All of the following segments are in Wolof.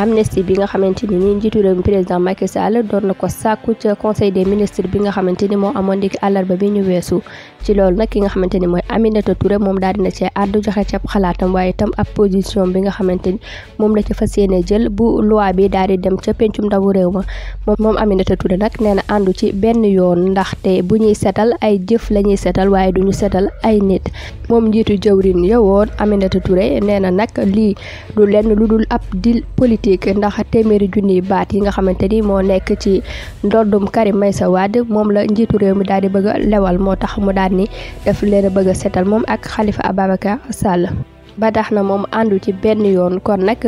amnistie bi nga xamante ni njiitu réew mi président Macky Sall doon na ko sàkku ca conseil des ministres bi nga xamante ni moo amoon ndiki àllarba bi ñu nga xamante ni mooy Aminata Touré moom daal dina cee àddu joxe ci ab xalaatam waaye itam ab bi nga xamante ni moom la ci fas yéene jël bu loi bi daal di dem ca pencum ndawu réew ma moom Aminata Touré nag nee na àndu ci benn yoon ndaxte bu ñuy setal ay jëf la ñuy setal waaye duñu setal ay nit moom njiitu jëwrin yowoon Aminata Touré nee na nag lii du lenn lu dul ab dil politique politique ndax téeméeri junniy baat yi nga xamante ni moo nekk ci ndoddum may sa waad moom la njiitu réew mi daal di bëgg a lewal moo tax mu daal ni daf leen a bëgg a seetal moom ak Khalifa Ababacar Sall. ba na moom àndu ci benn yoon kon nag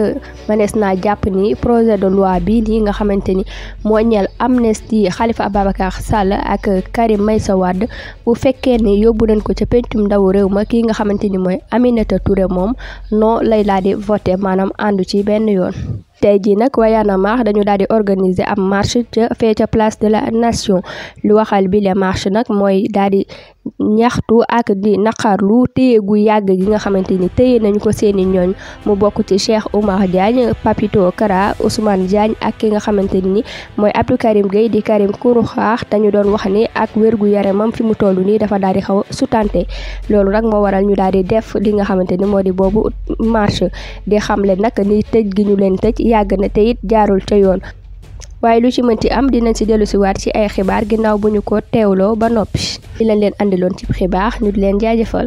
mënees naa jàpp ni projet de loi bii nii nga xamante ni moo ñeel xalifa Khalifa Ababacar Sall ak Karim sa Wade bu fekkee ni yóbbu nañ ko ca pencum ndawu réew ma kii nga xamante ni mooy Aminata Touré moom noo lay laa di voté maanaam àndu ci benn yoon tey jii nag waa Y'en a dañu daal di organiser ab marche ca fee ca place de la nation lu waxal bi la marche nag mooy daal ñaxtu ak di naqarlu téye gu yàgg gi nga xamante ni téye nañu ko seeni ñooñ mu bokk ci Cheikh Oumar Diagne Papito Kara Ousmane Diagne ak ki nga xamante ni mooy Abdou Karim Gueye di Karim Kouroukhar dañu doon wax ni ak wérgu mam fi mu toll nii dafa daal di xaw sutante loolu nag moo waral ñu daal di def li nga xamante ni moo di boobu marche di xamle nag ni yàgg na te it jaarul ca yoon waaye lu ci mënti am dinañ si dellu siwaat ci ay xibaar ginnaaw bu ñu ko teewloo ba noppi. di lañ leen andiloon ci xibaar ñu di leen jaajëfal.